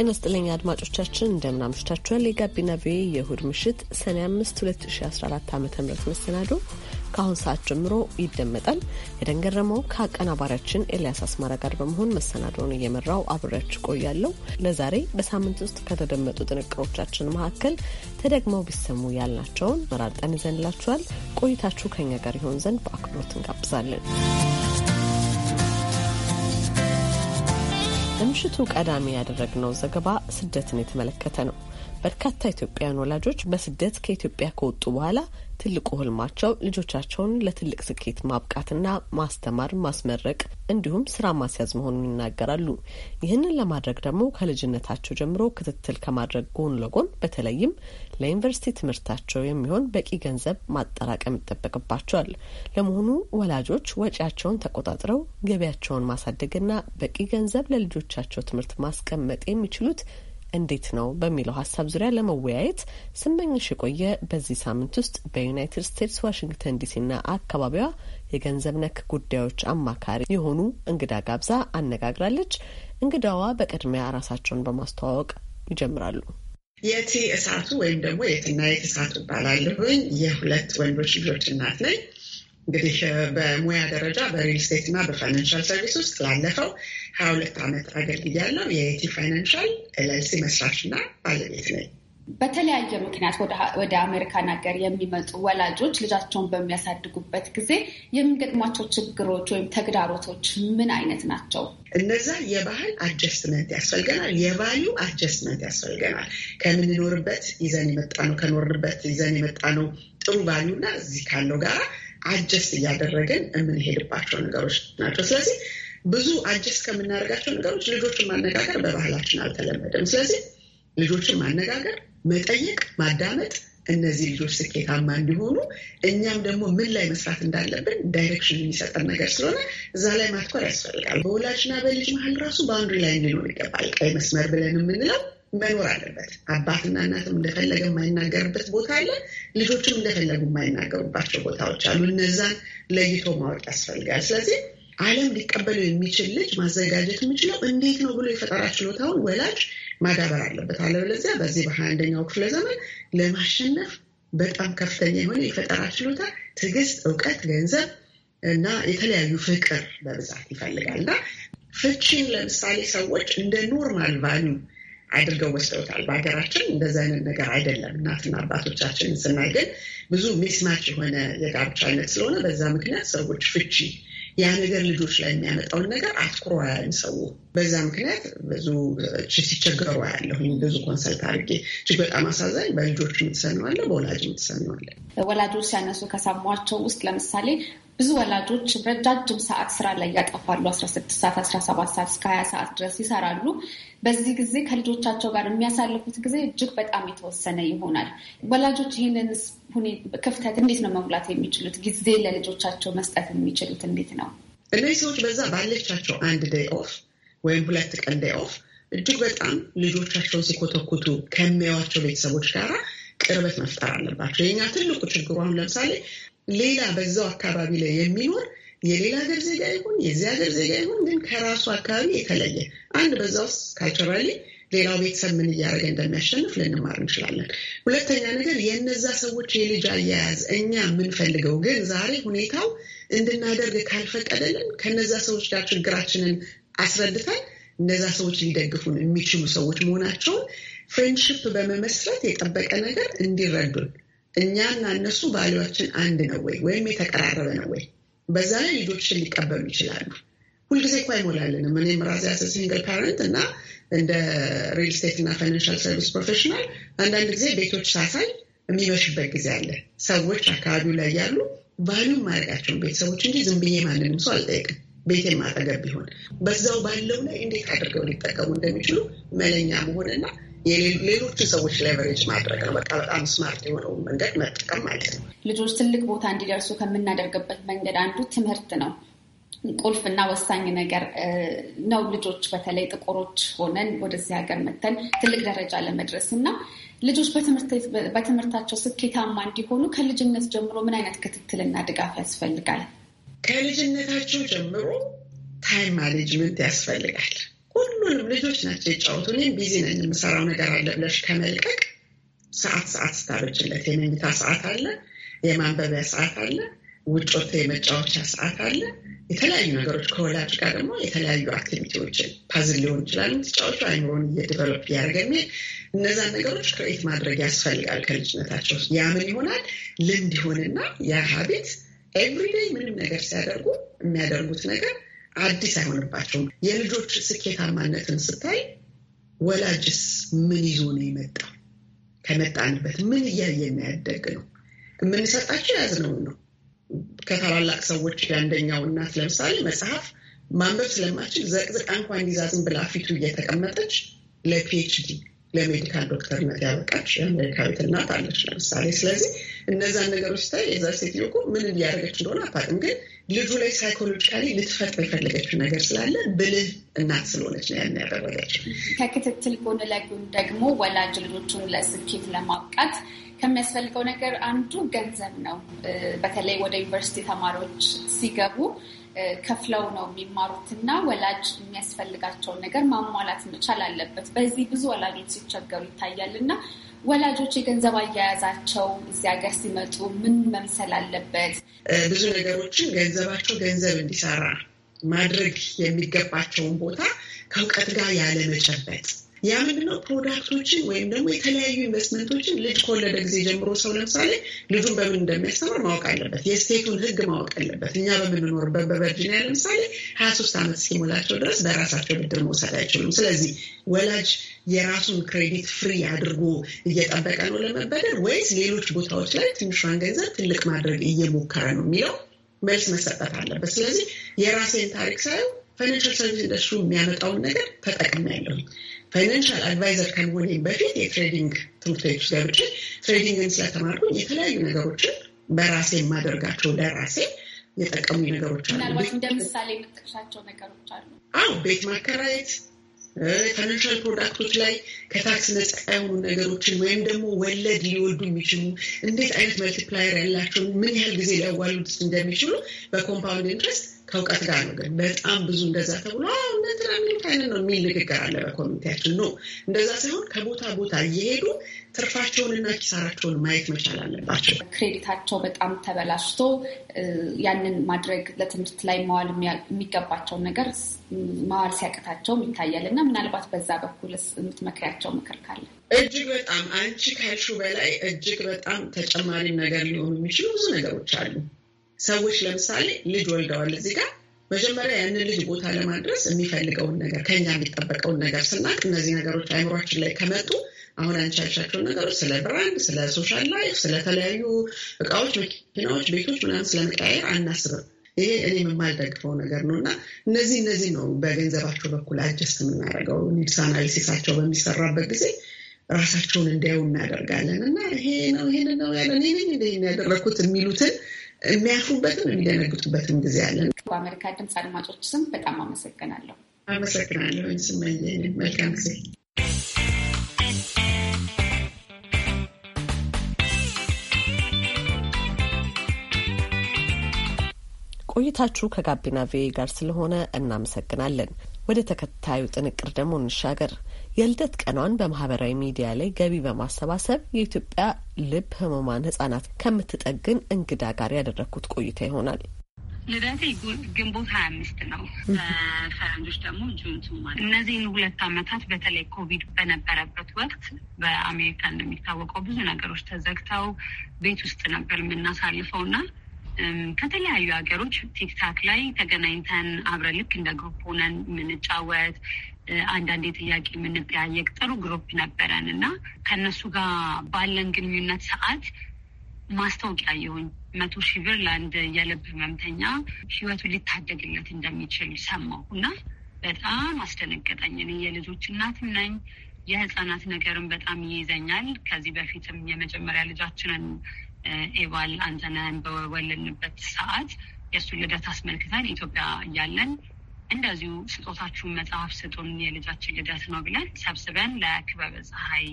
ጤና ስጥልኝ አድማጮቻችን፣ እንደምን አምሽታችኋል? የጋቢና ቪ የእሁድ ምሽት ሰኔ 5 2014 ዓ ም መሰናዶ ከአሁን ሰዓት ጀምሮ ይደመጣል። የደንገረመው ከአቀናባሪያችን ኤልያስ አስማራ ጋር በመሆን መሰናዶውን እየመራው አብሬያችሁ ቆያለሁ። ለዛሬ በሳምንት ውስጥ ከተደመጡ ጥንቅሮቻችን መካከል ተደግመው ቢሰሙ ያልናቸውን መራርጠን ይዘንላችኋል። ቆይታችሁ ከኛ ጋር ይሆን ዘንድ በአክብሮት እንጋብዛለን። ለምሽቱ ቀዳሚ ያደረግነው ዘገባ ስደትን የተመለከተ ነው። በርካታ ኢትዮጵያውያን ወላጆች በስደት ከኢትዮጵያ ከወጡ በኋላ ትልቁ ህልማቸው ልጆቻቸውን ለትልቅ ስኬት ማብቃትና ማስተማር፣ ማስመረቅ እንዲሁም ስራ ማስያዝ መሆኑን ይናገራሉ። ይህንን ለማድረግ ደግሞ ከልጅነታቸው ጀምሮ ክትትል ከማድረግ ጎን ለጎን በተለይም ለዩኒቨርሲቲ ትምህርታቸው የሚሆን በቂ ገንዘብ ማጠራቀም ይጠበቅባቸዋል። ለመሆኑ ወላጆች ወጪያቸውን ተቆጣጥረው ገቢያቸውን ማሳደግና በቂ ገንዘብ ለልጆቻቸው ትምህርት ማስቀመጥ የሚችሉት እንዴት ነው በሚለው ሀሳብ ዙሪያ ለመወያየት ስመኝሽ የቆየ በዚህ ሳምንት ውስጥ በዩናይትድ ስቴትስ ዋሽንግተን ዲሲና አካባቢዋ የገንዘብ ነክ ጉዳዮች አማካሪ የሆኑ እንግዳ ጋብዛ አነጋግራለች። እንግዳዋ በቅድሚያ ራሳቸውን በማስተዋወቅ ይጀምራሉ። የቲ እሳቱ ወይም ደግሞ የትና የት እሳቱ እባላለሁኝ። የሁለት ወንዶች ልጆች እናት ነኝ። እንግዲህ በሙያ ደረጃ በሪል ስቴት እና በፋይናንሻል ሰርቪስ ውስጥ ላለፈው ሀያ ሁለት ዓመት አገልግያለሁ። የኤቲ ፋይናንሻል ኤልኤልሲ መስራችና ባለቤት ነኝ። በተለያየ ምክንያት ወደ አሜሪካን ሀገር የሚመጡ ወላጆች ልጃቸውን በሚያሳድጉበት ጊዜ የሚገጥሟቸው ችግሮች ወይም ተግዳሮቶች ምን አይነት ናቸው? እነዛ የባህል አጀስትመንት ያስፈልገናል። የቫሊዩ አጀስትመንት ያስፈልገናል። ከምንኖርበት ይዘን የመጣ ነው ከኖርንበት ይዘን የመጣ ነው ጥሩ ቫሊዩ እና እዚህ ካለው ጋር አጀስት እያደረግን የምንሄድባቸው ነገሮች ናቸው። ስለዚህ ብዙ አጀስ ከምናደርጋቸው ነገሮች ልጆችን ማነጋገር በባህላችን አልተለመደም። ስለዚህ ልጆችን ማነጋገር፣ መጠየቅ፣ ማዳመጥ እነዚህ ልጆች ስኬታማ እንዲሆኑ እኛም ደግሞ ምን ላይ መስራት እንዳለብን ዳይሬክሽን የሚሰጠን ነገር ስለሆነ እዛ ላይ ማትኮር ያስፈልጋል። በወላጅና በልጅ መሀል ራሱ በአንዱ ላይ እንዲኖር ይገባል። ቀይ መስመር ብለን የምንለው መኖር አለበት። አባትና እናትም እንደፈለገ የማይናገርበት ቦታ አለ። ልጆችም እንደፈለጉ የማይናገሩባቸው ቦታዎች አሉ። እነዛን ለይቶ ማወቅ ያስፈልጋል። ስለዚህ ዓለም ሊቀበለው የሚችል ልጅ ማዘጋጀት የሚችለው እንዴት ነው ብሎ የፈጠራ ችሎታውን ወላጅ ማዳበር አለበት። አለበለዚያ በዚህ በሃያ አንደኛው ክፍለ ዘመን ለማሸነፍ በጣም ከፍተኛ የሆነ የፈጠራ ችሎታ፣ ትዕግስት፣ እውቀት፣ ገንዘብ እና የተለያዩ ፍቅር በብዛት ይፈልጋል እና ፍቺን ለምሳሌ ሰዎች እንደ ኖርማል ቫሉ አድርገው ወስደውታል። በሀገራችን እንደዚ አይነት ነገር አይደለም። እናትና አባቶቻችን ስናይ ግን ብዙ ሚስማች የሆነ የጋብቻ አይነት ስለሆነ በዛ ምክንያት ሰዎች ፍቺ ያ ነገር ልጆች ላይ የሚያመጣውን ነገር አትኩሮ አያይም ሰው። በዛ ምክንያት ብዙ ሲቸገሩ አያለሁኝ። ብዙ ኮንሰልት አድርጌ እጅግ በጣም አሳዛኝ በልጆች የምትሰነዋለ፣ በወላጅ የምትሰነዋለ። ወላጆች ሲያነሱ ከሰሟቸው ውስጥ ለምሳሌ ብዙ ወላጆች ረጃጅም ሰዓት ስራ ላይ ያጠፋሉ። 16 ሰዓት፣ 17 ሰዓት እስከ 20 ሰዓት ድረስ ይሰራሉ። በዚህ ጊዜ ከልጆቻቸው ጋር የሚያሳልፉት ጊዜ እጅግ በጣም የተወሰነ ይሆናል። ወላጆች ይህንን ክፍተት እንዴት ነው መሙላት የሚችሉት? ጊዜ ለልጆቻቸው መስጠት የሚችሉት እንዴት ነው? እነዚህ ሰዎች በዛ ባለቻቸው አንድ ደይ ኦፍ ወይም ሁለት ቀን ደይ ኦፍ እጅግ በጣም ልጆቻቸውን ሲኮተኩቱ ከሚያዩዋቸው ቤተሰቦች ጋር ቅርበት መፍጠር አለባቸው። የኛ ትልቁ ችግሩ አሁን ለምሳሌ ሌላ በዛው አካባቢ ላይ የሚኖር የሌላ ሀገር ዜጋ ይሁን የዚህ ሀገር ዜጋ ይሁን ግን ከራሱ አካባቢ የተለየ አንድ በዛ ውስጥ ካልቸራሊ ሌላው ቤተሰብ ምን እያደረገ እንደሚያሸንፍ ልንማር እንችላለን። ሁለተኛ ነገር የእነዛ ሰዎች የልጅ አያያዝ እኛ የምንፈልገው ግን ዛሬ ሁኔታው እንድናደርግ ካልፈቀደልን ከነዛ ሰዎች ጋር ችግራችንን አስረድተን እነዛ ሰዎች ሊደግፉን የሚችሉ ሰዎች መሆናቸውን ፍሬንድሽፕ በመመስረት የጠበቀ ነገር እንዲረዱን እኛና እነሱ ባህሪያችን አንድ ነው ወይ ወይም የተቀራረበ ነው ወይ፣ በዛ ላይ ልጆችን ሊቀበሉ ይችላሉ። ሁልጊዜ እኮ አይሞላልንም። እኔም ራሴ ያሰ ሲንግል ፓረንት እና እንደ ሪል ስቴት እና ፋይናንሻል ሰርቪስ ፕሮፌሽናል አንዳንድ ጊዜ ቤቶች ሳሳይ የሚመሽበት ጊዜ አለ። ሰዎች አካባቢው ላይ ያሉ ባሉ ማድረጋቸውን ቤተሰቦች እንጂ ዝም ብዬ ማንንም ሰው አልጠይቅም። ቤቴ ማጠገብ ቢሆን በዛው ባለው ላይ እንዴት አድርገው ሊጠቀሙ እንደሚችሉ መለኛ መሆንና ሌሎችን ሰዎች ሌቨሬጅ ማድረግ ነው። በቃ በጣም ስማርት የሆነው መንገድ መጠቀም ማለት ነው። ልጆች ትልቅ ቦታ እንዲደርሱ ከምናደርግበት መንገድ አንዱ ትምህርት ነው። ቁልፍና ወሳኝ ነገር ነው። ልጆች በተለይ ጥቁሮች ሆነን ወደዚህ ሀገር መተን ትልቅ ደረጃ ለመድረስ እና ልጆች በትምህርታቸው ስኬታማ እንዲሆኑ ከልጅነት ጀምሮ ምን አይነት ክትትልና ድጋፍ ያስፈልጋል? ከልጅነታቸው ጀምሮ ታይም ማኔጅመንት ያስፈልጋል። ሁሉንም ልጆች ናቸው የጫወቱ። እኔም ቢዚ ነኝ የምሰራው ነገር አለ ብለሽ ከመልቀቅ ሰዓት ሰዓት ስታበጅለት፣ የመኝታ ሰዓት አለ፣ የማንበቢያ ሰዓት አለ፣ ውጮታ የመጫወቻ ሰዓት አለ የተለያዩ ነገሮች ከወላጅ ጋር ደግሞ የተለያዩ አክቲቪቲዎችን ፓዝል ሊሆን ይችላል ተጫዋቹ አይምሮን እየደቨሎፕ ያደርገኝ እነዛን ነገሮች ክሬት ማድረግ ያስፈልጋል ከልጅነታቸው ያ ምን ይሆናል ልምድ ይሆንና ያ ሀቤት ኤቭሪዴይ ምንም ነገር ሲያደርጉ የሚያደርጉት ነገር አዲስ አይሆንባቸውም የልጆች ስኬታማነትን ስታይ ወላጅስ ምን ይዞ ነው የመጣው ከመጣንበት ምን እያየ የሚያደግ ነው የምንሰጣቸው ያዝነውን ነው ከታላላቅ ሰዎች የአንደኛው እናት ለምሳሌ መጽሐፍ ማንበብ ስለማችል ዘቅዝቃ እንኳን ይዛዝን ብላ ፊቱ እየተቀመጠች ለፒኤችዲ ለሜዲካል ዶክተርነት ያበቃች የአሜሪካዊት እናት አለች ለምሳሌ። ስለዚህ እነዛን ነገሮች ስታይ የዛ ሴትዮ እኮ ምን እያደረገች እንደሆነ አታውቅም፣ ግን ልጁ ላይ ሳይኮሎጂካሊ ልትፈጥር የፈለገችው ነገር ስላለ ብልህ እናት ስለሆነች ነው ያን ያደረገች። ከክትትል ጎን ለጎን ደግሞ ወላጅ ልጆቹን ለስኬት ለማብቃት ከሚያስፈልገው ነገር አንዱ ገንዘብ ነው። በተለይ ወደ ዩኒቨርሲቲ ተማሪዎች ሲገቡ ከፍለው ነው የሚማሩት እና ወላጅ የሚያስፈልጋቸውን ነገር ማሟላት መቻል አለበት። በዚህ ብዙ ወላጆች ሲቸገሩ ይታያል እና ወላጆች የገንዘብ አያያዛቸው እዚህ ሀገር ሲመጡ ምን መምሰል አለበት? ብዙ ነገሮችን ገንዘባቸው ገንዘብ እንዲሰራ ማድረግ የሚገባቸውን ቦታ ከእውቀት ጋር ያለመጨበጥ ያ ምንድነው ፕሮዳክቶችን ወይም ደግሞ የተለያዩ ኢንቨስትመንቶችን ልጅ ከወለደ ጊዜ ጀምሮ ሰው ለምሳሌ ልጁን በምን እንደሚያስተምር ማወቅ አለበት። የስቴቱን ህግ ማወቅ አለበት። እኛ በምንኖርበት በቨርጂኒያ ለምሳሌ ሀያ ሶስት ዓመት እስኪሞላቸው ድረስ በራሳቸው ብድር መውሰድ አይችሉም። ስለዚህ ወላጅ የራሱን ክሬዲት ፍሪ አድርጎ እየጠበቀ ነው ለመበደር ወይስ ሌሎች ቦታዎች ላይ ትንሿን ገንዘብ ትልቅ ማድረግ እየሞከረ ነው የሚለው መልስ መሰጠት አለበት። ስለዚህ የራሴን ታሪክ ሳየው ፋይናንሻል ሰርቪስ ኢንዱስትሪ የሚያመጣውን ነገር ተጠቅሜያለሁ ፋይናንሻል አድቫይዘር ከመሆኔም በፊት የትሬዲንግ ትምህርት ቤቶች ገብቼ ትሬዲንግን ስለተማርኩኝ የተለያዩ ነገሮችን በራሴ የማደርጋቸው ለራሴ የጠቀሙ ነገሮች አሉ። እንደ ምሳሌ የምጠቅሻቸው ነገሮች አሉ። አዎ ቤት ማከራየት፣ ፋይናንሻል ፕሮዳክቶች ላይ ከታክስ ነፃ የሆኑ ነገሮችን ወይም ደግሞ ወለድ ሊወልዱ የሚችሉ እንዴት አይነት መልቲፕላየር ያላቸው ምን ያህል ጊዜ ሊያዋሉት እንደሚችሉ በኮምፓውንድ ኢንትረስት ከእውቀት ጋር ነው። ግን በጣም ብዙ እንደዛ ተብሎ እነትን የሚሉት አይነት ነው የሚል ንግግር አለ በኮሚኒቲያችን ነው። እንደዛ ሳይሆን ከቦታ ቦታ እየሄዱ ትርፋቸውንና ኪሳራቸውን ማየት መቻል አለባቸው። ክሬዲታቸው በጣም ተበላሽቶ ያንን ማድረግ ለትምህርት ላይ መዋል የሚገባቸውን ነገር መዋል ሲያቅታቸውም ይታያል እና ምናልባት በዛ በኩል የምትመክሪያቸው ምክር ካለ? እጅግ በጣም አንቺ ካልሹ በላይ እጅግ በጣም ተጨማሪ ነገር ሊሆኑ የሚችሉ ብዙ ነገሮች አሉ። ሰዎች ለምሳሌ ልጅ ወልደዋል እዚህ ጋር መጀመሪያ ያንን ልጅ ቦታ ለማድረስ የሚፈልገውን ነገር ከኛ የሚጠበቀውን ነገር ስናቅ እነዚህ ነገሮች አይምሯችን ላይ ከመጡ አሁን አንቻቻቸውን ነገሮች ስለ ብራንድ፣ ስለ ሶሻል ላይፍ፣ ስለተለያዩ እቃዎች፣ መኪናዎች፣ ቤቶች ምናምን ስለመቀያየር አናስብም። ይሄ እኔ የማልደግፈው ነገር ነው እና እነዚህ እነዚህ ነው በገንዘባቸው በኩል አጀስት የምናደርገው ኒድስ አናሊሲሳቸው በሚሰራበት ጊዜ ራሳቸውን እንዲያዩ እናደርጋለን እና ይሄ ነው ይሄን ነው ያለ ያደረግኩት የሚሉትን የሚያርፉበትም የሚደነግጡበትም ጊዜ አለን። በአሜሪካ ድምፅ አድማጮች ስም በጣም አመሰግናለሁ። አመሰግናለሁ። መልካም ጊዜ። ቆይታችሁ ከጋቢና ቪኦኤ ጋር ስለሆነ እናመሰግናለን። ወደ ተከታዩ ጥንቅር ደግሞ እንሻገር። የልደት ቀኗን በማህበራዊ ሚዲያ ላይ ገቢ በማሰባሰብ የኢትዮጵያ ልብ ህሙማን ህጻናት ከምትጠግን እንግዳ ጋር ያደረግኩት ቆይታ ይሆናል። ልደቴ ግንቦት ሀያ አምስት ነው። ፈረንጆች ደግሞ ጁን ቱ ማለት እነዚህን ሁለት አመታት በተለይ ኮቪድ በነበረበት ወቅት በአሜሪካ እንደሚታወቀው ብዙ ነገሮች ተዘግተው ቤት ውስጥ ነበር የምናሳልፈው እና ከተለያዩ ሀገሮች ቲክታክ ላይ ተገናኝተን አብረን ልክ እንደ ግሩፕ ሆነን የምንጫወት አንዳንዴ ጥያቄ የምንጠያየቅ ጥሩ ግሩፕ ነበረን እና ከእነሱ ጋር ባለን ግንኙነት ሰዓት ማስታወቂያ የሆኝ መቶ ሺህ ብር ለአንድ የልብ ህመምተኛ ህይወቱ ሊታደግለት እንደሚችል ሰማሁ እና በጣም አስደነገጠኝ። እኔ የልጆች እናትም ነኝ። የህፃናት ነገርም በጣም ይይዘኛል። ከዚህ በፊትም የመጀመሪያ ልጃችንን ኤባል አንተነህን በወለድንበት ሰዓት የእሱን ልደት አስመልክተን ኢትዮጵያ እያለን እንደዚሁ ስጦታችሁን መጽሐፍ ስጡን የልጃችን ልደት ነው ብለን ሰብስበን ለክበበ ፀሐይ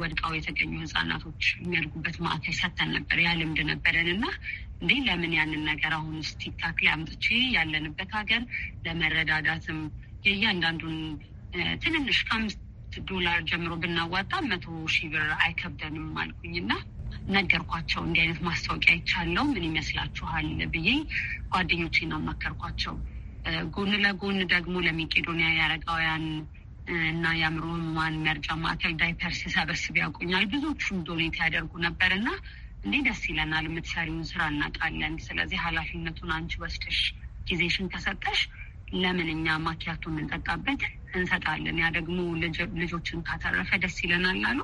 ወድቀው የተገኙ ህጻናቶች የሚያድጉበት ማዕከል ሰተን ነበር። ያ ልምድ ነበረን እና እንዲህ ለምን ያንን ነገር አሁን ስቲካክ አምጥቼ ያለንበት ሀገር ለመረዳዳትም የእያንዳንዱን ትንንሽ ከአምስት ዶላር ጀምሮ ብናዋጣ መቶ ሺህ ብር አይከብደንም አልኩኝና ነገርኳቸው። እንዲህ አይነት ማስታወቂያ ይቻለው ምን ይመስላችኋል ብዬ ጓደኞቼን አማከርኳቸው። ጎን ለጎን ደግሞ ለመቄዶንያ የአረጋውያን እና የአእምሮ ህሙማን መርጃ ማዕከል ዳይፐርስ ሲሰበስብ ያውቁኛል። ብዙዎቹም ዶኔት ያደርጉ ነበር እና እንዴ ደስ ይለናል፣ የምትሰሪውን ስራ እናውቃለን። ስለዚህ ኃላፊነቱን አንቺ ወስደሽ ጊዜሽን ከሰጠሽ ለምን እኛ ማኪያቱ የምንጠጣበት እንሰጣለን። ያ ደግሞ ልጆችን ካተረፈ ደስ ይለናል አሉ።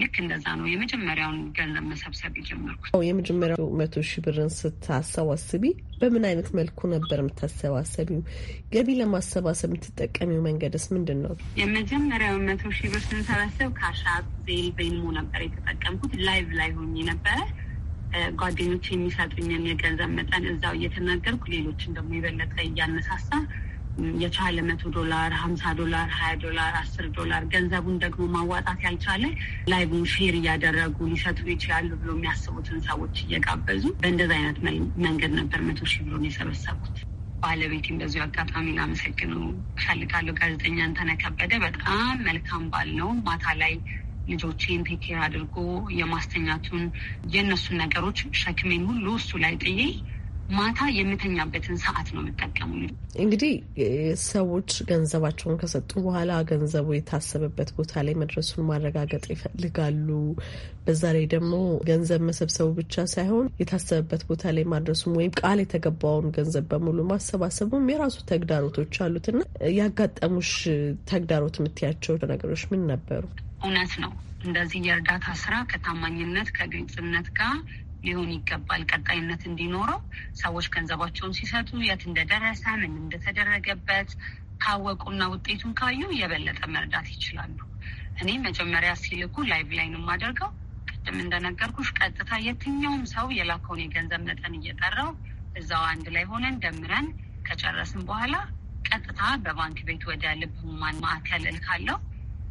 ልክ እንደዛ ነው የመጀመሪያውን ገንዘብ መሰብሰብ የጀመርኩት። የመጀመሪያው መቶ ሺህ ብርን ስታሰባስቢ በምን አይነት መልኩ ነበር የምታሰባሰቢው? ገቢ ለማሰባሰብ የምትጠቀሚው መንገድስ ምንድን ነው? የመጀመሪያው መቶ ሺህ ብር ስንሰበሰብ ካሻ ቬል ቬልሞ ነበር የተጠቀምኩት። ላይቭ ላይ ሆኜ ነበረ ጓደኞች የሚሰጡኝን የገንዘብ መጠን እዛው እየተናገርኩ ሌሎችን ደግሞ የበለጠ እያነሳሳ የቻለ መቶ ዶላር፣ ሀምሳ ዶላር፣ ሀያ ዶላር፣ አስር ዶላር ገንዘቡን ደግሞ ማዋጣት ያልቻለ ላይቡን ሼር እያደረጉ ሊሰጡ ይችላሉ ብሎ የሚያስቡትን ሰዎች እየጋበዙ በእንደዚ አይነት መንገድ ነበር መቶ ሺህ ብሎን የሰበሰቡት። ባለቤቴን በዚሁ አጋጣሚ ላመሰግነው እፈልጋለሁ። ጋዜጠኛ እንተነ ከበደ በጣም መልካም ባል ነው። ማታ ላይ ልጆቼን ቴክ አድርጎ የማስተኛቱን የእነሱን ነገሮች ሸክሜን ሁሉ እሱ ላይ ጥዬ ማታ የምተኛበትን ሰዓት ነው የምጠቀሙ። እንግዲህ ሰዎች ገንዘባቸውን ከሰጡ በኋላ ገንዘቡ የታሰበበት ቦታ ላይ መድረሱን ማረጋገጥ ይፈልጋሉ። በዛ ላይ ደግሞ ገንዘብ መሰብሰቡ ብቻ ሳይሆን የታሰበበት ቦታ ላይ ማድረሱም ወይም ቃል የተገባውን ገንዘብ በሙሉ ማሰባሰቡም የራሱ ተግዳሮቶች አሉት ያጋጠሙሽ ተግዳሮት የምትያቸው ነገሮች ምን ነበሩ? እውነት ነው እንደዚህ የእርዳታ ስራ ከታማኝነት ከግልጽነት ጋር ሊሆን ይገባል። ቀጣይነት እንዲኖረው ሰዎች ገንዘባቸውን ሲሰጡ የት እንደደረሰ ምን እንደተደረገበት ካወቁና ውጤቱን ካዩ የበለጠ መርዳት ይችላሉ። እኔ መጀመሪያ ሲልኩ ላይቭ ላይ ነው የማደርገው። ቅድም እንደነገርኩሽ ቀጥታ የትኛውም ሰው የላከውን የገንዘብ መጠን እየጠራው እዛው አንድ ላይ ሆነን ደምረን ከጨረስን በኋላ ቀጥታ በባንክ ቤት ወደ ልብ ማን ማዕከል እልካለሁ።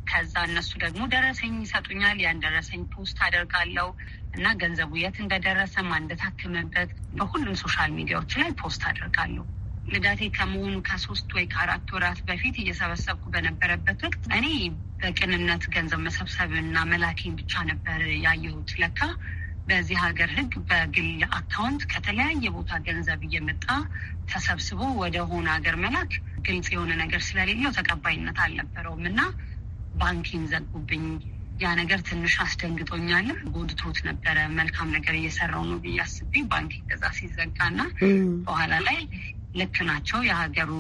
ከዛ እነሱ ደግሞ ደረሰኝ ይሰጡኛል። ያን ደረሰኝ ፖስት አደርጋለው እና ገንዘቡ የት እንደደረሰ ማን እንደታከመበት በሁሉም ሶሻል ሚዲያዎች ላይ ፖስት አደርጋለሁ። ልዳቴ ከመሆኑ ከሶስት ወይ ከአራት ወራት በፊት እየሰበሰብኩ በነበረበት ወቅት እኔ በቅንነት ገንዘብ መሰብሰብ እና መላኬን ብቻ ነበር ያየሁት። ለካ በዚህ ሀገር ሕግ በግል አካውንት ከተለያየ ቦታ ገንዘብ እየመጣ ተሰብስቦ ወደ ሆነ ሀገር መላክ ግልጽ የሆነ ነገር ስለሌለው ተቀባይነት አልነበረውም እና ባንኪን ዘጉብኝ። ያ ነገር ትንሽ አስደንግጦኛልም ጎድቶት ነበረ። መልካም ነገር እየሰራው ነው ብዬ አስቤ ባንክ ገዛ ሲዘጋና በኋላ ላይ ልክ ናቸው፣ የሀገሩ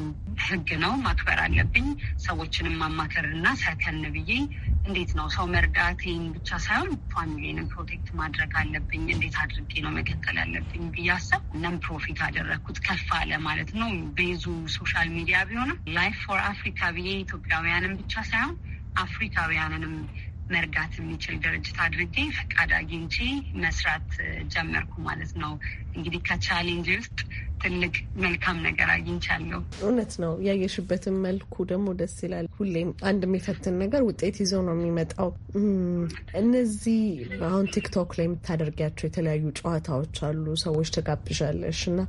ህግ ነው ማክበር አለብኝ። ሰዎችንም ማማከርና ሰከን ብዬ እንዴት ነው ሰው መርዳቴን ብቻ ሳይሆን ፋሚሊንም ፕሮቴክት ማድረግ አለብኝ፣ እንዴት አድርጌ ነው መቀጠል ያለብኝ ብዬ አሰብ። ፕሮፊት አደረግኩት ከፍ አለ ማለት ነው። ቤዙ ሶሻል ሚዲያ ቢሆንም ላይፍ ፎር አፍሪካ ብዬ ኢትዮጵያውያንም ብቻ ሳይሆን አፍሪካውያንንም መርዳት የሚችል ድርጅት አድርጌ ፈቃድ አግኝቼ መስራት ጀመርኩ ማለት ነው። እንግዲህ ከቻሌንጅ ውስጥ ትልቅ መልካም ነገር አግኝቻለሁ። እውነት ነው። ያየሽበትን መልኩ ደግሞ ደስ ይላል። ሁሌም አንድ የሚፈትን ነገር ውጤት ይዞ ነው የሚመጣው። እነዚህ አሁን ቲክቶክ ላይ የምታደርጊያቸው የተለያዩ ጨዋታዎች አሉ፣ ሰዎች ተጋብዣለሽ እና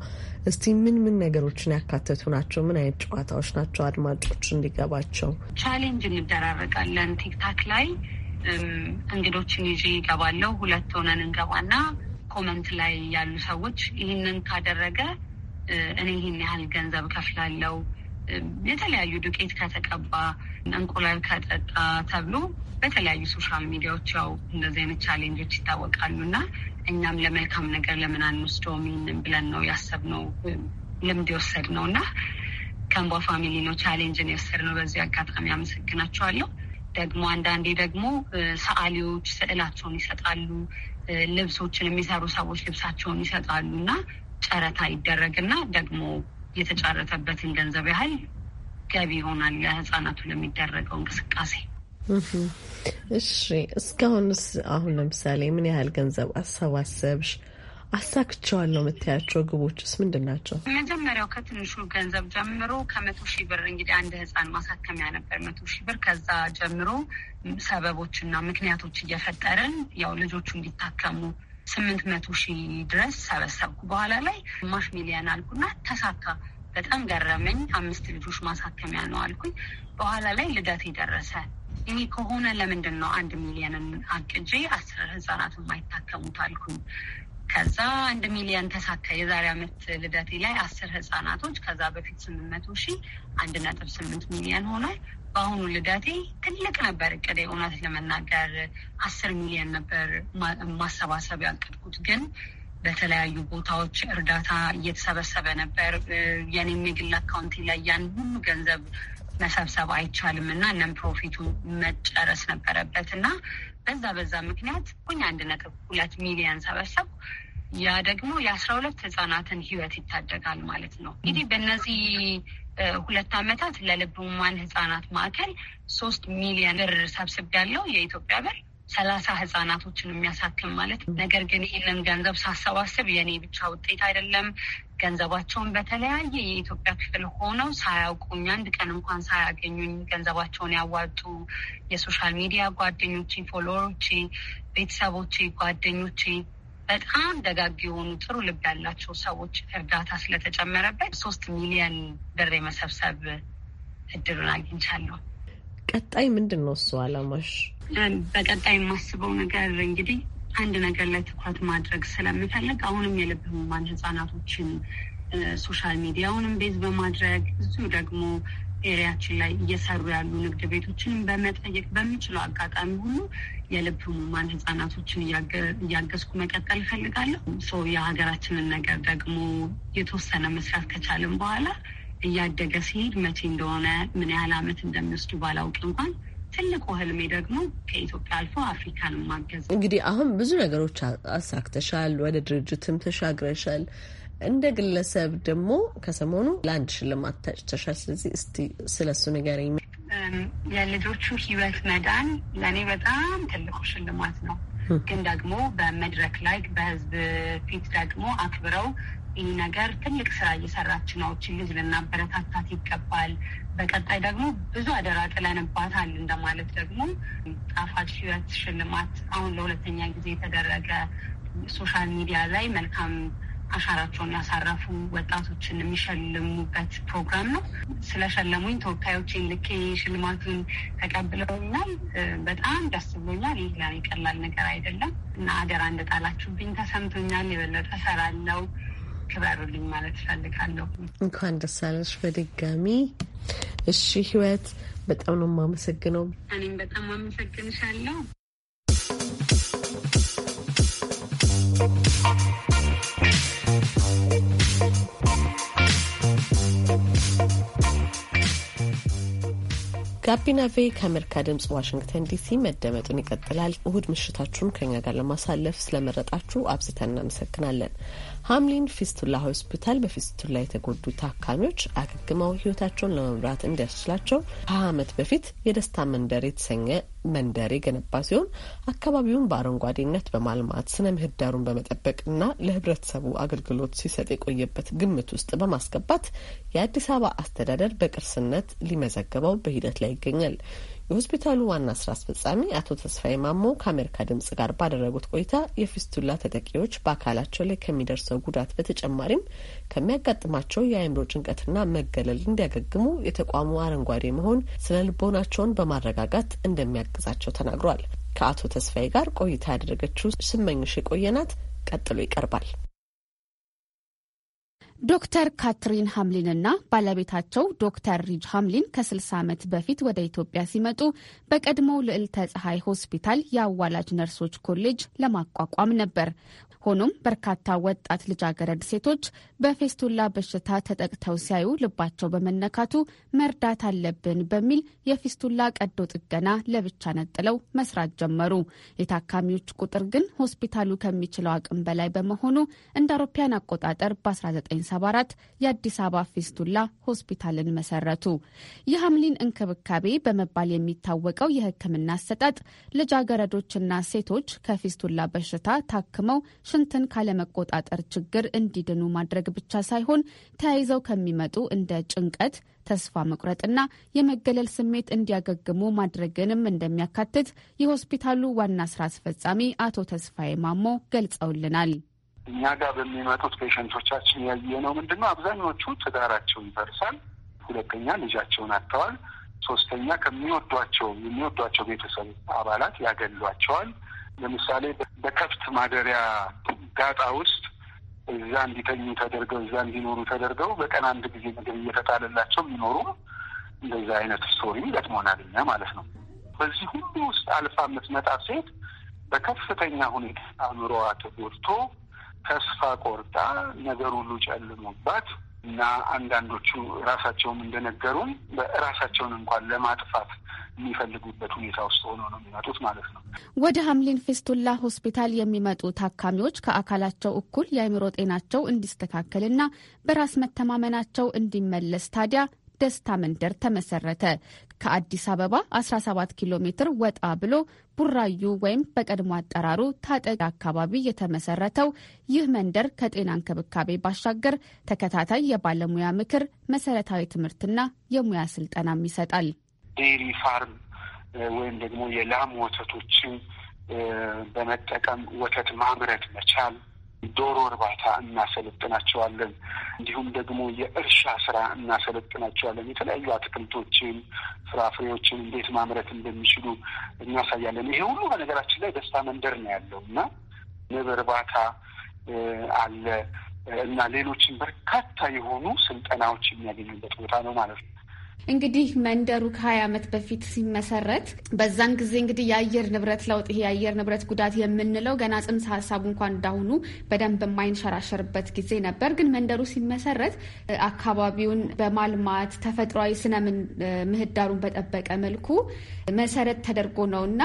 እስቲ ምን ምን ነገሮችን ያካተቱ ናቸው? ምን አይነት ጨዋታዎች ናቸው? አድማጮች እንዲገባቸው ቻሌንጅ እንደራረቃለን። ቲክታክ ላይ እንግዶችን ይዤ ይገባለሁ። ሁለት ሆነን እንገባና ኮመንት ላይ ያሉ ሰዎች ይህንን ካደረገ እኔ ይህን ያህል ገንዘብ ከፍላለው የተለያዩ ዱቄት ከተቀባ እንቁላል ከጠጣ ተብሎ በተለያዩ ሶሻል ሚዲያዎች ያው እንደዚህ አይነት ቻሌንጆች ይታወቃሉ እና እኛም ለመልካም ነገር ለምን አንወስደውም ይህንን ብለን ነው ያሰብነው ልምድ የወሰድ ነው እና ከንቧ ፋሚሊ ነው ቻሌንጅን የወሰድ ነው በዚህ አጋጣሚ አመሰግናቸዋለሁ። ደግሞ አንዳንዴ ደግሞ ሰዓሊዎች ስዕላቸውን ይሰጣሉ። ልብሶችን የሚሰሩ ሰዎች ልብሳቸውን ይሰጣሉ እና ጨረታ ይደረግና ደግሞ የተጫረተበትን ገንዘብ ያህል ገቢ ይሆናል ለህጻናቱ ለሚደረገው እንቅስቃሴ። እሺ እስካሁንስ አሁን ለምሳሌ ምን ያህል ገንዘብ አሰባሰብሽ? አሳክቸዋለሁ የምታያቸው ግቦችስ ምንድን ናቸው? መጀመሪያው ከትንሹ ገንዘብ ጀምሮ ከመቶ ሺህ ብር እንግዲህ አንድ ህፃን ማሳከሚያ ነበር መቶ ሺህ ብር። ከዛ ጀምሮ ሰበቦችና ምክንያቶች እየፈጠርን ያው ልጆቹ እንዲታከሙ ስምንት መቶ ሺህ ድረስ ሰበሰብኩ። በኋላ ላይ ግማሽ ሚሊዮን አልኩና ተሳካ። በጣም ገረመኝ። አምስት ልጆች ማሳከሚያ ነው አልኩኝ። በኋላ ላይ ልደት ደረሰ ይህ ከሆነ ለምንድን ነው አንድ ሚሊዮንን አቅጄ አስር ህጻናት የማይታከሙት አልኩኝ። ከዛ አንድ ሚሊዮን ተሳካ። የዛሬ አመት ልደቴ ላይ አስር ህጻናቶች ከዛ በፊት ስምንት መቶ ሺህ አንድ ነጥብ ስምንት ሚሊዮን ሆኗል። በአሁኑ ልደቴ ትልቅ ነበር እቅዴ። እውነት ለመናገር አስር ሚሊዮን ነበር ማሰባሰብ ያቀድኩት ግን በተለያዩ ቦታዎች እርዳታ እየተሰበሰበ ነበር። የኔም የግል አካውንቲ ላይ ያን ሁሉ ገንዘብ መሰብሰብ አይቻልም እና እነም ፕሮፊቱ መጨረስ ነበረበት እና በዛ በዛ ምክንያት ሁኝ አንድ ነጥብ ሁለት ሚሊዮን ሰበሰብ። ያ ደግሞ የአስራ ሁለት ህጻናትን ህይወት ይታደጋል ማለት ነው። እንግዲህ በእነዚህ ሁለት ዓመታት ለልብ ሕሙማን ህጻናት ማዕከል ሶስት ሚሊዮን ብር ሰብስብ ያለው የኢትዮጵያ ብር ሰላሳ ህጻናቶችን የሚያሳክም ማለት ነው። ነገር ግን ይህንን ገንዘብ ሳሰባስብ የእኔ ብቻ ውጤት አይደለም። ገንዘባቸውን በተለያየ የኢትዮጵያ ክፍል ሆነው ሳያውቁኝ አንድ ቀን እንኳን ሳያገኙኝ ገንዘባቸውን ያዋጡ የሶሻል ሚዲያ ጓደኞቼ፣ ፎሎወሮቼ፣ ቤተሰቦቼ፣ ጓደኞቼ በጣም ደጋግ የሆኑ ጥሩ ልብ ያላቸው ሰዎች እርዳታ ስለተጨመረበት ሶስት ሚሊዮን ብር የመሰብሰብ እድሉን አግኝቻለሁ። ቀጣይ ምንድን ነው እሱ አላማሽ? በቀጣይ የማስበው ነገር እንግዲህ አንድ ነገር ላይ ትኩረት ማድረግ ስለምፈልግ አሁንም የልብ ህሙማን ህጻናቶችን ሶሻል ሚዲያውንም ቤዝ በማድረግ እዚሁ ደግሞ ኤሪያችን ላይ እየሰሩ ያሉ ንግድ ቤቶችንም በመጠየቅ በሚችለው አጋጣሚ ሁሉ የልብ ህሙማን ህጻናቶችን እያገዝኩ መቀጠል እፈልጋለሁ። ሰው የሀገራችንን ነገር ደግሞ የተወሰነ መስራት ከቻልን በኋላ እያደገ ሲሄድ መቼ እንደሆነ ምን ያህል አመት እንደሚወስዱ ባላውቅ እንኳን ትልቁ ህልሜ ደግሞ ከኢትዮጵያ አልፎ አፍሪካን ማገዝ። እንግዲህ አሁን ብዙ ነገሮች አሳክተሻል፣ ወደ ድርጅትም ተሻግረሻል። እንደ ግለሰብ ደግሞ ከሰሞኑ ለአንድ ሽልማት ተችተሻል። ስለዚህ እስቲ ስለሱ ንገረኝ። የልጆቹ ህይወት መዳን ለእኔ በጣም ትልቁ ሽልማት ነው። ግን ደግሞ በመድረክ ላይ በህዝብ ፊት ደግሞ አክብረው ይህ ነገር ትልቅ ስራ እየሰራች ነው፣ እችን ልጅ ልናበረታታት ይገባል። በቀጣይ ደግሞ ብዙ አደራ ጥለንባታል እንደማለት ደግሞ ጣፋጭ ህይወት ሽልማት አሁን ለሁለተኛ ጊዜ የተደረገ ሶሻል ሚዲያ ላይ መልካም አሻራቸውን ያሳረፉ ወጣቶችን የሚሸልሙበት ፕሮግራም ነው። ስለሸለሙኝ ተወካዮችን ልኬ ሽልማቱን ተቀብለውኛል። በጣም ደስ ብሎኛል። ይህ ለኔ ቀላል ነገር አይደለም እና አደራ እንደጣላችሁብኝ ተሰምቶኛል። የበለጠ ሰራለው ክበሩልኝ ማለት እፈልጋለሁ። እንኳን ደስ አለሽ በድጋሚ። እሺ ህይወት፣ በጣም ነው የማመሰግነው። እኔም በጣም አመሰግንሻለሁ። ጋቢና ቬ ከአሜሪካ ድምጽ ዋሽንግተን ዲሲ መደመጡን ይቀጥላል። እሁድ ምሽታችሁን ከኛ ጋር ለማሳለፍ ስለመረጣችሁ አብዝተን እናመሰግናለን። ሀምሊን ፊስቱላ ሆስፒታል በፊስቱላ የተጎዱ ታካሚዎች አገግመው ህይወታቸውን ለመምራት እንዲያስችላቸው ከሀያ ዓመት በፊት የደስታ መንደር የተሰኘ መንደር የገነባ ሲሆን አካባቢውን በአረንጓዴነት በማልማት ስነ ምህዳሩን እና ለህብረተሰቡ አገልግሎት ሲሰጥ የቆየበት ግምት ውስጥ በማስገባት የአዲስ አበባ አስተዳደር በቅርስነት ሊመዘግበው በሂደት ላይ ይገኛል። የሆስፒታሉ ዋና ስራ አስፈጻሚ አቶ ተስፋዬ ማሞ ከአሜሪካ ድምጽ ጋር ባደረጉት ቆይታ የፊስቱላ ተጠቂዎች በአካላቸው ላይ ከሚደርሰው ጉዳት በተጨማሪም ከሚያጋጥማቸው የአእምሮ ጭንቀትና መገለል እንዲያገግሙ የተቋሙ አረንጓዴ መሆን ስነ ልቦናቸውን በማረጋጋት እንደሚያግዛቸው ተናግሯል። ከአቶ ተስፋዬ ጋር ቆይታ ያደረገችው ስመኝሽ የቆየናት ቀጥሎ ይቀርባል። ዶክተር ካትሪን ሀምሊንና ባለቤታቸው ዶክተር ሪጅ ሀምሊን ከ60 ዓመት በፊት ወደ ኢትዮጵያ ሲመጡ በቀድሞው ልዕልተ ፀሐይ ሆስፒታል የአዋላጅ ነርሶች ኮሌጅ ለማቋቋም ነበር። ሆኖም በርካታ ወጣት ልጃገረድ ሴቶች በፌስቱላ በሽታ ተጠቅተው ሲያዩ ልባቸው በመነካቱ መርዳት አለብን በሚል የፌስቱላ ቀዶ ጥገና ለብቻ ነጥለው መስራት ጀመሩ። የታካሚዎች ቁጥር ግን ሆስፒታሉ ከሚችለው አቅም በላይ በመሆኑ እንደ አውሮፓያን አቆጣጠር በ1974 የአዲስ አበባ ፌስቱላ ሆስፒታልን መሰረቱ። የሐምሊን እንክብካቤ በመባል የሚታወቀው የሕክምና አሰጣጥ ልጃገረዶችና ሴቶች ከፊስቱላ በሽታ ታክመው ሽንትን ካለመቆጣጠር ችግር እንዲድኑ ማድረግ ብቻ ሳይሆን ተያይዘው ከሚመጡ እንደ ጭንቀት፣ ተስፋ መቁረጥና የመገለል ስሜት እንዲያገግሙ ማድረግንም እንደሚያካትት የሆስፒታሉ ዋና ስራ አስፈጻሚ አቶ ተስፋዬ ማሞ ገልጸውልናል። እኛ ጋር በሚመጡት ፔሸንቶቻችን ያየ ነው ምንድን ነው አብዛኞቹ ትዳራቸው ይፈርሳል፣ ሁለተኛ ልጃቸውን አጥተዋል፣ ሶስተኛ ከሚወዷቸው የሚወዷቸው ቤተሰብ አባላት ያገሏቸዋል ለምሳሌ በከብት ማደሪያ ጋጣ ውስጥ እዛ እንዲተኙ ተደርገው እዛ እንዲኖሩ ተደርገው በቀን አንድ ጊዜ ምግብ እየተጣለላቸው የሚኖሩ እንደዛ አይነት ስቶሪ ገጥሞናል እኛ ማለት ነው። በዚህ ሁሉ ውስጥ አልፋ የምትመጣ ሴት በከፍተኛ ሁኔታ አእምሮዋ ተጎድቶ ተስፋ ቆርጣ ነገር ሁሉ ጨልሞባት እና አንዳንዶቹ ራሳቸውም እንደነገሩን ራሳቸውን እንኳን ለማጥፋት የሚፈልጉበት ሁኔታ ውስጥ ሆኖ ነው የሚመጡት ማለት ነው። ወደ ሀምሊን ፌስቱላ ሆስፒታል የሚመጡ ታካሚዎች ከአካላቸው እኩል የአእምሮ ጤናቸው እንዲስተካከልና በራስ መተማመናቸው እንዲመለስ ታዲያ ደስታ መንደር ተመሰረተ። ከአዲስ አበባ 17 ኪሎ ሜትር ወጣ ብሎ ቡራዩ ወይም በቀድሞ አጠራሩ ታጠቅ አካባቢ የተመሰረተው ይህ መንደር ከጤና እንክብካቤ ባሻገር ተከታታይ የባለሙያ ምክር፣ መሰረታዊ ትምህርትና የሙያ ስልጠናም ይሰጣል። ዴሪ ፋርም ወይም ደግሞ የላም ወተቶችን በመጠቀም ወተት ማምረት መቻል ዶሮ እርባታ እናሰለጥናቸዋለን። እንዲሁም ደግሞ የእርሻ ስራ እናሰለጥናቸዋለን። የተለያዩ አትክልቶችን፣ ፍራፍሬዎችን እንዴት ማምረት እንደሚችሉ እናሳያለን። ይሄ ሁሉ በነገራችን ላይ ደስታ መንደር ነው ያለው እና ንብ እርባታ አለ እና ሌሎችን በርካታ የሆኑ ስልጠናዎች የሚያገኙበት ቦታ ነው ማለት ነው። እንግዲህ መንደሩ ከሀያ ዓመት በፊት ሲመሰረት በዛን ጊዜ እንግዲህ የአየር ንብረት ለውጥ ይሄ የአየር ንብረት ጉዳት የምንለው ገና ጽንሰ ሀሳቡ እንኳን እንዳሁኑ በደንብ የማይንሸራሸርበት ጊዜ ነበር። ግን መንደሩ ሲመሰረት አካባቢውን በማልማት ተፈጥሯዊ ስነ ምህዳሩን በጠበቀ መልኩ መሰረት ተደርጎ ነው እና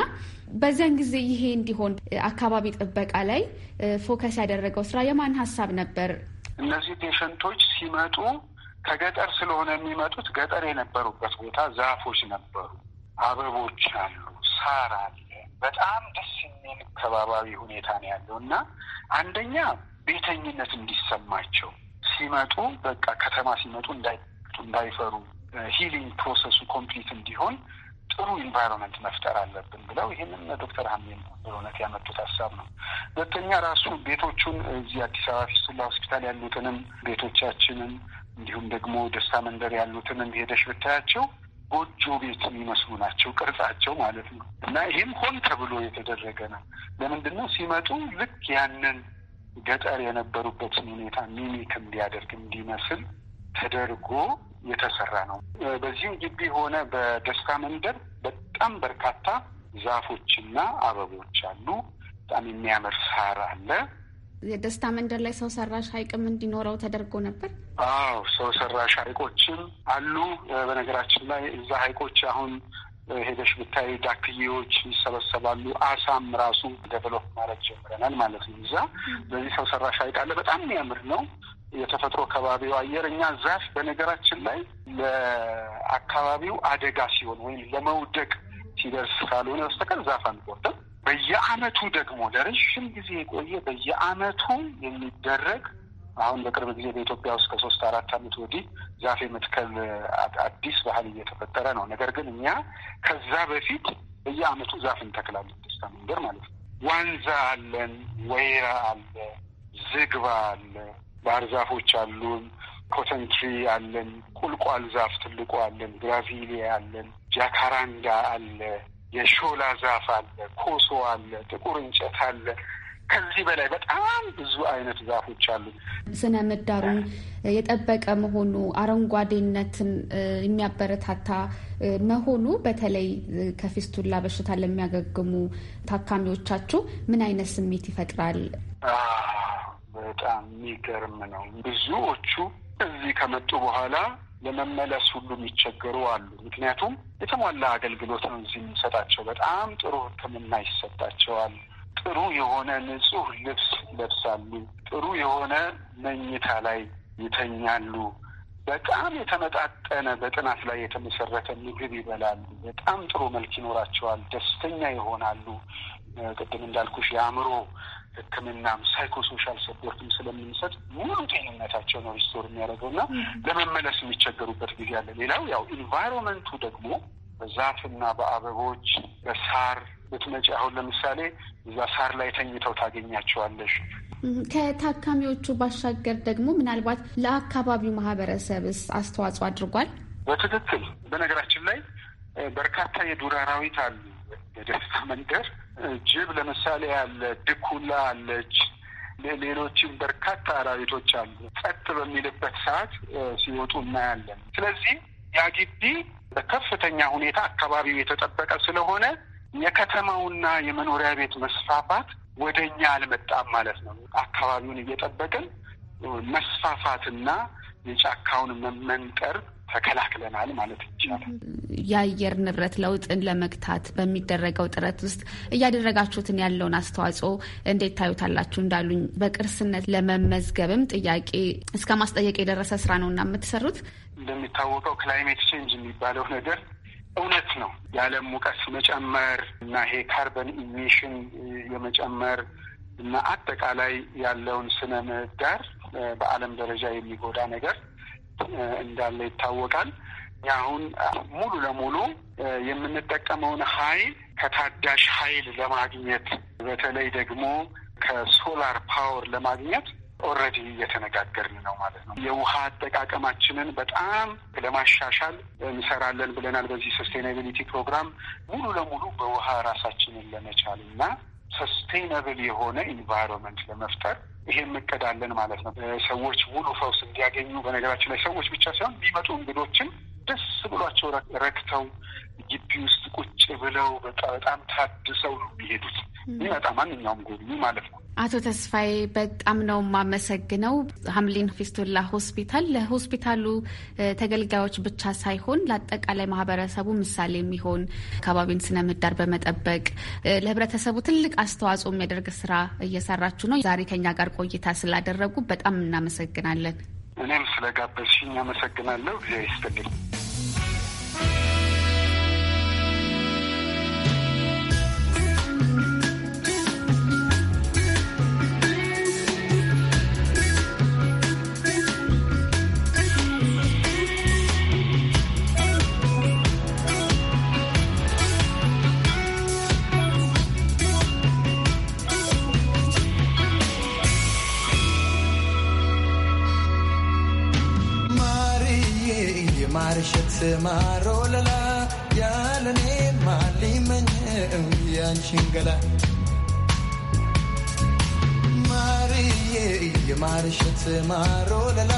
በዚያን ጊዜ ይሄ እንዲሆን አካባቢ ጥበቃ ላይ ፎከስ ያደረገው ስራ የማን ሀሳብ ነበር? እነዚህ ፔሸንቶች ሲመጡ ከገጠር ስለሆነ የሚመጡት ገጠር የነበሩበት ቦታ ዛፎች ነበሩ፣ አበቦች አሉ፣ ሳር አለ። በጣም ደስ የሚል ከባባዊ ሁኔታ ነው ያለው እና አንደኛ ቤተኝነት እንዲሰማቸው ሲመጡ በቃ ከተማ ሲመጡ እንዳይፈሩ ሂሊንግ ፕሮሰሱ ኮምፕሊት እንዲሆን ጥሩ ኢንቫይሮንመንት መፍጠር አለብን ብለው ይህንን ዶክተር ሀሜን በእውነት ያመጡት ሀሳብ ነው። ሁለተኛ ራሱ ቤቶቹን እዚህ አዲስ አበባ ፊስቱላ ሆስፒታል ያሉትንም ቤቶቻችንን እንዲሁም ደግሞ ደስታ መንደር ያሉትን ሄደሽ ብታያቸው ጎጆ ቤት የሚመስሉ ናቸው ቅርጻቸው ማለት ነው። እና ይህም ሆን ተብሎ የተደረገ ነው። ለምንድን ነው ሲመጡ ልክ ያንን ገጠር የነበሩበትን ሁኔታ ሚሚክ እንዲያደርግ እንዲመስል ተደርጎ የተሰራ ነው። በዚህም ግቢ ሆነ በደስታ መንደር በጣም በርካታ ዛፎችና አበቦች አሉ። በጣም የሚያምር ሳር አለ። የደስታ መንደር ላይ ሰው ሰራሽ ሐይቅም እንዲኖረው ተደርጎ ነበር። አዎ ሰው ሰራሽ ሐይቆችም አሉ። በነገራችን ላይ እዛ ሐይቆች አሁን ሄደሽ ብታይ ዳክዬዎች ይሰበሰባሉ። አሳም ራሱ ደቨሎፕ ማለት ጀምረናል ማለት ነው። እዛ በዚህ ሰው ሰራሽ ሐይቅ አለ። በጣም የሚያምር ነው የተፈጥሮ ከባቢው አየር። እኛ ዛፍ በነገራችን ላይ ለአካባቢው አደጋ ሲሆን ወይም ለመውደቅ ሲደርስ ካልሆነ በስተቀር ዛፍ አንቆርጥም። በየአመቱ ደግሞ ለረዥም ጊዜ የቆየ በየአመቱ የሚደረግ አሁን በቅርብ ጊዜ በኢትዮጵያ ውስጥ ከሶስት አራት አመት ወዲህ ዛፍ የመትከል አዲስ ባህል እየተፈጠረ ነው። ነገር ግን እኛ ከዛ በፊት በየአመቱ ዛፍ እንተክላለን። ደስታ መንገድ ማለት ነው። ዋንዛ አለን፣ ወይራ አለ፣ ዝግባ አለ፣ ባህር ዛፎች አሉን፣ ኮተንትሪ አለን፣ ቁልቋል ዛፍ ትልቁ አለን፣ ግራቪሊያ አለን፣ ጃካራንዳ አለ የሾላ ዛፍ አለ፣ ኮሶ አለ፣ ጥቁር እንጨት አለ። ከዚህ በላይ በጣም ብዙ አይነት ዛፎች አሉ። ስነ ምህዳሩን የጠበቀ መሆኑ አረንጓዴነትን የሚያበረታታ መሆኑ በተለይ ከፊስቱላ በሽታ ለሚያገግሙ ታካሚዎቻችሁ ምን አይነት ስሜት ይፈጥራል? በጣም የሚገርም ነው። ብዙዎቹ እዚህ ከመጡ በኋላ ለመመለስ ሁሉ የሚቸገሩ አሉ። ምክንያቱም የተሟላ አገልግሎት ነው እዚህ የሚሰጣቸው በጣም ጥሩ ሕክምና ይሰጣቸዋል። ጥሩ የሆነ ንጹህ ልብስ ይለብሳሉ። ጥሩ የሆነ መኝታ ላይ ይተኛሉ። በጣም የተመጣጠነ በጥናት ላይ የተመሰረተ ምግብ ይበላሉ። በጣም ጥሩ መልክ ይኖራቸዋል። ደስተኛ ይሆናሉ። ቅድም እንዳልኩሽ የአእምሮ ሕክምናም ሳይኮሶሻል ሰፖርትም ስለምንሰጥ ሙሉ ጤንነታቸው ነው ሪስቶር የሚያደርገው እና ለመመለስ የሚቸገሩበት ጊዜ አለ። ሌላው ያው ኢንቫይሮንመንቱ ደግሞ በዛፍና በአበቦች በሳር ብትመጪ አሁን ለምሳሌ እዛ ሳር ላይ ተኝተው ታገኛቸዋለሽ። ከታካሚዎቹ ባሻገር ደግሞ ምናልባት ለአካባቢው ማህበረሰብስ አስተዋጽኦ አድርጓል? በትክክል በነገራችን ላይ በርካታ የዱር አራዊት አሉ። በደስታ መንደር ጅብ ለምሳሌ አለ፣ ድኩላ አለች፣ ሌሎችም በርካታ አራዊቶች አሉ። ጸጥ በሚልበት ሰዓት ሲወጡ እናያለን። ስለዚህ ያ ግቢ በከፍተኛ ሁኔታ አካባቢው የተጠበቀ ስለሆነ የከተማውና የመኖሪያ ቤት መስፋፋት ወደ እኛ አልመጣም ማለት ነው። አካባቢውን እየጠበቅን መስፋፋትና የጫካውን መመንጠር ተከላክለናል ማለት ይቻላል። የአየር ንብረት ለውጥን ለመግታት በሚደረገው ጥረት ውስጥ እያደረጋችሁትን ያለውን አስተዋጽኦ እንዴት ታዩታላችሁ? እንዳሉኝ በቅርስነት ለመመዝገብም ጥያቄ እስከ ማስጠየቅ የደረሰ ስራ ነው እና የምትሰሩት። እንደሚታወቀው ክላይሜት ቼንጅ የሚባለው ነገር እውነት ነው። የዓለም ሙቀት መጨመር እና ይሄ ካርበን ኢሚሽን የመጨመር እና አጠቃላይ ያለውን ስነ ምህዳር በዓለም ደረጃ የሚጎዳ ነገር እንዳለ ይታወቃል። አሁን ሙሉ ለሙሉ የምንጠቀመውን ኃይል ከታዳሽ ኃይል ለማግኘት በተለይ ደግሞ ከሶላር ፓወር ለማግኘት ኦልሬዲ እየተነጋገርን ነው ማለት ነው። የውሃ አጠቃቀማችንን በጣም ለማሻሻል እንሰራለን ብለናል። በዚህ ሰስቴናቢሊቲ ፕሮግራም ሙሉ ለሙሉ በውሃ ራሳችንን ለመቻል እና ሰስቴናብል የሆነ ኢንቫይሮንመንት ለመፍጠር ይሄን እንቀዳለን ማለት ነው። ሰዎች ሙሉ ፈውስ እንዲያገኙ በነገራችን ላይ ሰዎች ብቻ ሳይሆን ቢመጡ እንግዶችን ደስ ብሏቸው ረክተው ግቢ ውስጥ ቁጭ ብለው በጣም ታድሰው ነው የሚሄዱት። ይመጣ ማንኛውም ጎብኚ ማለት ነው። አቶ ተስፋዬ በጣም ነው የማመሰግነው። ሀምሊን ፊስቱላ ሆስፒታል ለሆስፒታሉ ተገልጋዮች ብቻ ሳይሆን ለአጠቃላይ ማህበረሰቡ ምሳሌ የሚሆን አካባቢን ስነ ምህዳር በመጠበቅ ለህብረተሰቡ ትልቅ አስተዋጽኦ የሚያደርግ ስራ እየሰራችሁ ነው። ዛሬ ከኛ ጋር ቆይታ ስላደረጉ በጣም እናመሰግናለን። እኔም ስለጋበዝሽኝ አመሰግናለሁ። ጊዜ ይስጥልኝ። ሽንገላ ማርዬ የማርሸት ማሮለላ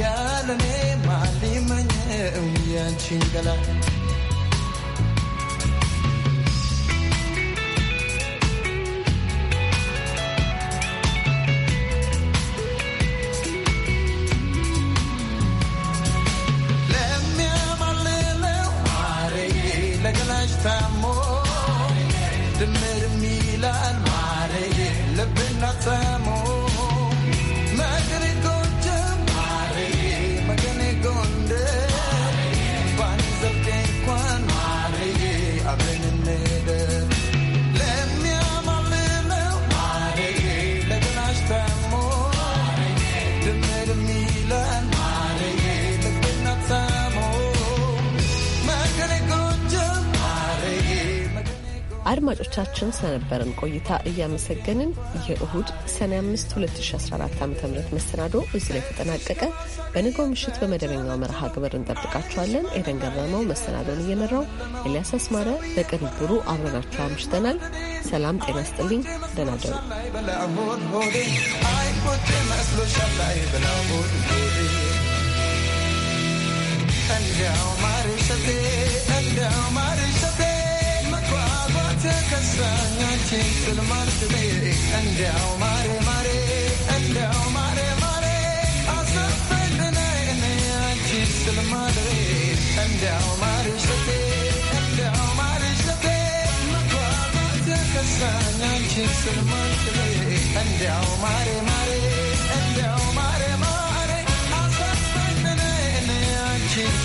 ያለኔ ማሊመኘው ያንቺንገላ አድማጮቻችን ስለነበረን ቆይታ እያመሰገንን የእሁድ ሰኔ 5 2014 ዓ ም መሰናዶ እዚ ላይ ተጠናቀቀ። በንጋው ምሽት በመደበኛው መርሃ ግብር እንጠብቃችኋለን። ኤደን ገረመው መሰናዶን እየመራው፣ ኤልያስ አስማረ በቅንብሩ አብረናችሁ አምሽተናል። ሰላም ጤና ስጥልኝ። ደህና ደሩ። And down my ተከሳኛችን ስልማር ስቤ እንዲያው ማሬ ማሬ እንዲያው ማሬ ማሬ አሰፈልነ እነያችን ስልማር እንዲያው ማሪ ስቤ እንዲያው ማሪ ስቤ መጓባ ተከሳኛችን ስልማር ስቤ እንዲያው ማሬ ማሬ እንዲያው ማሬ ማሬ አሰፈልነ እነያችን